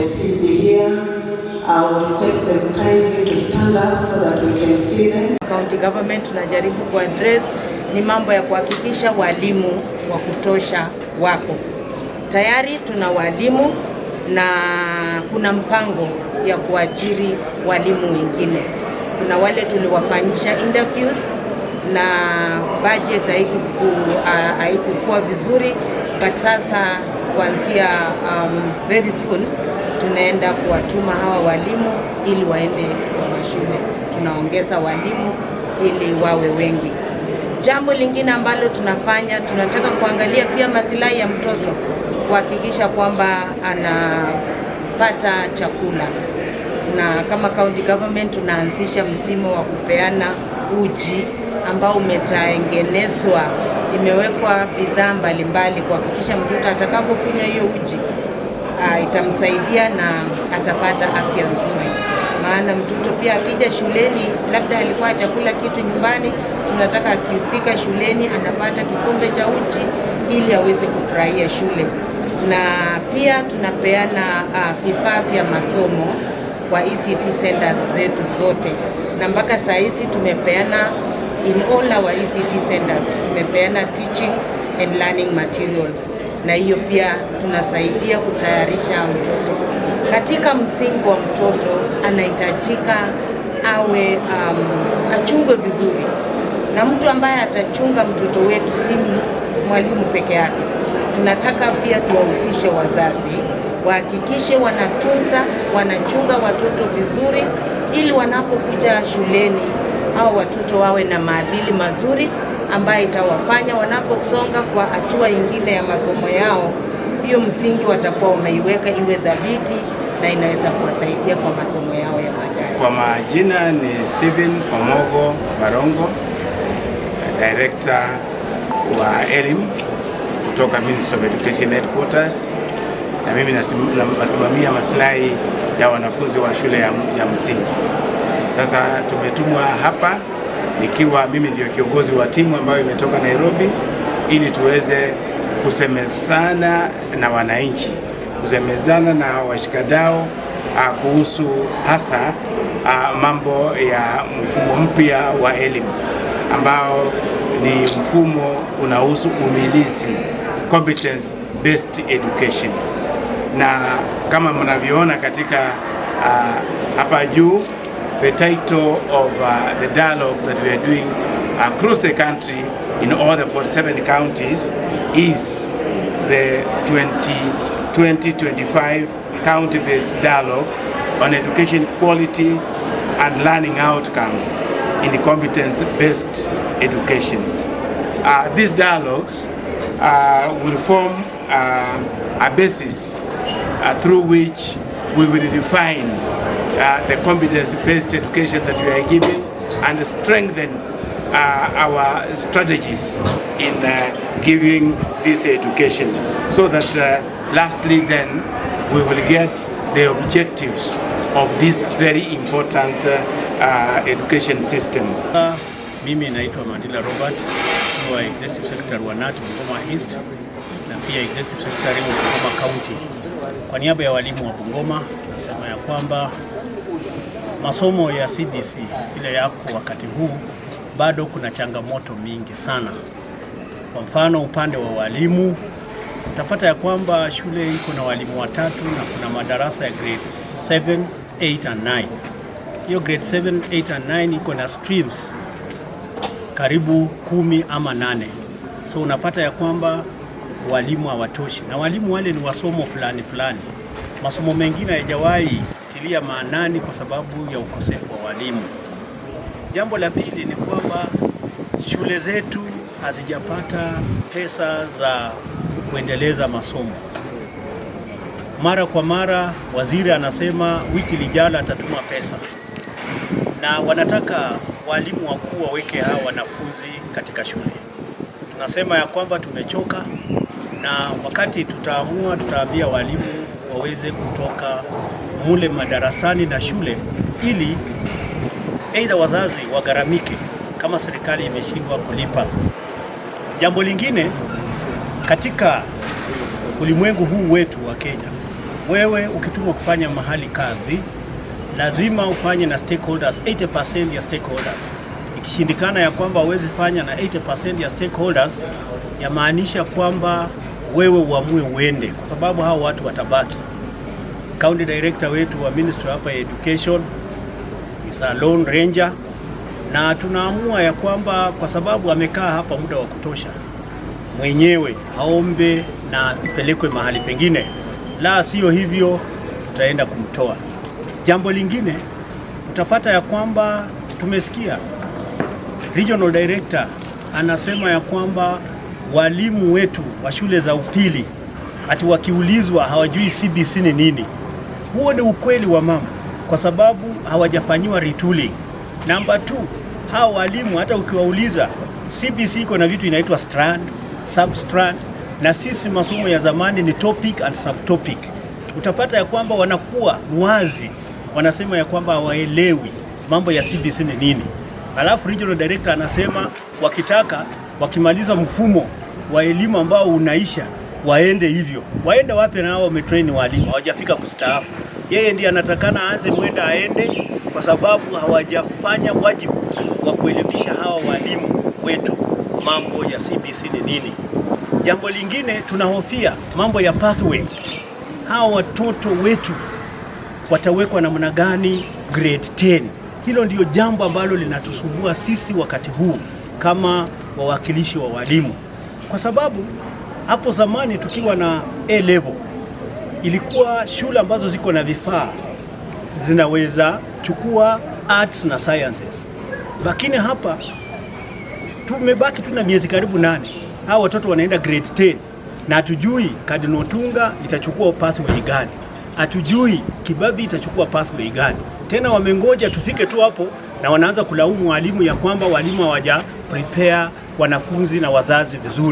see me here. I will request them kindly to stand up so that we can see them. County government tunajaribu kuaddress ni mambo ya kuhakikisha walimu wa kutosha wako tayari. Tuna walimu na kuna mpango ya kuajiri walimu wengine. Kuna wale tuliwafanyisha interviews na budget haikukuwa vizuri, but sasa kuanzia um, very soon tunaenda kuwatuma hawa walimu ili waende kwa mashule, tunaongeza walimu ili wawe wengi. Jambo lingine ambalo tunafanya, tunataka kuangalia pia masilahi ya mtoto, kuhakikisha kwamba anapata chakula, na kama county government tunaanzisha msimu wa kupeana uji ambao umetengenezwa, imewekwa bidhaa mbalimbali kuhakikisha mtoto atakapokunywa hiyo uji uh, itamsaidia na atapata afya nzuri. Maana mtoto pia akija shuleni, labda alikuwa chakula kitu nyumbani, tunataka akifika shuleni anapata kikombe cha uji ili aweze kufurahia shule, na pia tunapeana uh, vifaa vya masomo kwa ECT centers zetu zote, na mpaka saa hizi tumepeana in all our ECT centers tumepeana teaching and learning materials na hiyo pia tunasaidia kutayarisha mtoto katika msingi wa mtoto anahitajika awe um, achungwe vizuri, na mtu ambaye atachunga mtoto wetu si mwalimu peke yake. Tunataka pia tuwahusishe wazazi, wahakikishe wanatunza, wanachunga watoto vizuri, ili wanapokuja shuleni au watoto wawe na maadili mazuri ambayo itawafanya wanaposonga kwa hatua nyingine ya masomo yao, hiyo msingi watakuwa wameiweka iwe dhabiti na inaweza kuwasaidia kwa masomo yao ya baadaye. Kwa majina ni Steven Omogo Barongo, director wa elimu kutoka Ministry of Education Headquarters, na mimi nasimamia maslahi ya wanafunzi wa shule ya, ya msingi. Sasa tumetumwa hapa nikiwa mimi ndio kiongozi wa timu ambayo imetoka Nairobi ili tuweze kusemezana na wananchi, kusemezana na washikadau ah, kuhusu hasa ah, mambo ya mfumo mpya wa elimu ambao ni mfumo unahusu umilisi, competence based education, na kama mnavyoona katika ah, hapa juu the title of uh, the dialogue that we are doing across the country in all the 47 counties is the 2020-25 county-based dialogue on education quality and learning outcomes in competence-based education. Uh, these dialogues uh, will form uh, a basis uh, through which we will define uh, the competence-based education that we are giving and strengthen uh, our strategies in uh, giving this education so that uh, lastly then we will get the objectives of this very important uh, uh, education system. Uh, mimi naitwa Mandila Robert, wa executive secretary wa nat Bungoma East na pia executive secretary wa Bungoma County. Kwa niaba ya walimu wa Bungoma nasema ya kwamba masomo ya CBC ile yako wakati huu bado kuna changamoto mingi sana. Kwa mfano upande wa walimu, utapata ya kwamba shule iko na walimu watatu na kuna madarasa ya grade 7, 8 and 9. Hiyo grade 7, 8 and 9 iko na streams karibu kumi ama nane, so unapata ya kwamba walimu hawatoshi, na walimu wale ni wasomo fulani fulani masomo mengine hayajawahi tilia maanani kwa sababu ya ukosefu wa walimu. Jambo la pili ni kwamba shule zetu hazijapata pesa za kuendeleza masomo. Mara kwa mara waziri anasema wiki lijalo atatuma pesa, na wanataka walimu wakuu waweke hawa wanafunzi katika shule. Tunasema ya kwamba tumechoka, na wakati tutaamua tutaambia walimu waweze kutoka mule madarasani na shule, ili aidha wazazi wagharamike kama serikali imeshindwa kulipa. Jambo lingine katika ulimwengu huu wetu wa Kenya, wewe ukitumwa kufanya mahali kazi lazima ufanye na stakeholders 80% ya stakeholders. Ikishindikana ya kwamba huwezi fanya na 80% ya stakeholders, yamaanisha kwamba wewe uamue uende, kwa sababu hao watu watabaki. County director wetu wa ministry hapa ya education is a lone ranger, na tunaamua ya kwamba kwa sababu amekaa hapa muda wa kutosha, mwenyewe aombe na apelekwe mahali pengine, la sio hivyo tutaenda kumtoa. Jambo lingine utapata ya kwamba tumesikia regional director anasema ya kwamba walimu wetu wa shule za upili ati wakiulizwa hawajui CBC ni nini. Huo ni ukweli wa mambo, kwa sababu hawajafanyiwa retooling. Namba tu, hawa walimu hata ukiwauliza CBC iko na vitu inaitwa strand, substrand na sisi masomo ya zamani ni topic and subtopic. Utapata ya kwamba wanakuwa wazi, wanasema ya kwamba hawaelewi mambo ya CBC ni nini. Alafu regional director anasema wakitaka wakimaliza mfumo wa elimu ambao unaisha waende hivyo, waende wape Na wao wametrain walimu, hawajafika kustaafu. Yeye ndiye anatakana aanze mwenda aende, kwa sababu hawajafanya wajibu wa kuelimisha hawa walimu wetu mambo ya CBC ni nini. Jambo lingine tunahofia mambo ya pathway, hawa watoto wetu watawekwa namna gani grade 10? Hilo ndio jambo ambalo linatusumbua sisi wakati huu kama wawakilishi wa walimu kwa sababu hapo zamani tukiwa na A level ilikuwa shule ambazo ziko na vifaa zinaweza chukua arts na sciences, lakini hapa tumebaki tuna miezi karibu nane, hao watoto wanaenda grade 10 na hatujui Cardinal Tunga itachukua pathway gani, hatujui Kibabi itachukua pathway gani. Tena wamengoja tufike tu hapo na wanaanza kulaumu walimu ya kwamba walimu hawaja prepare wanafunzi na wazazi vizuri.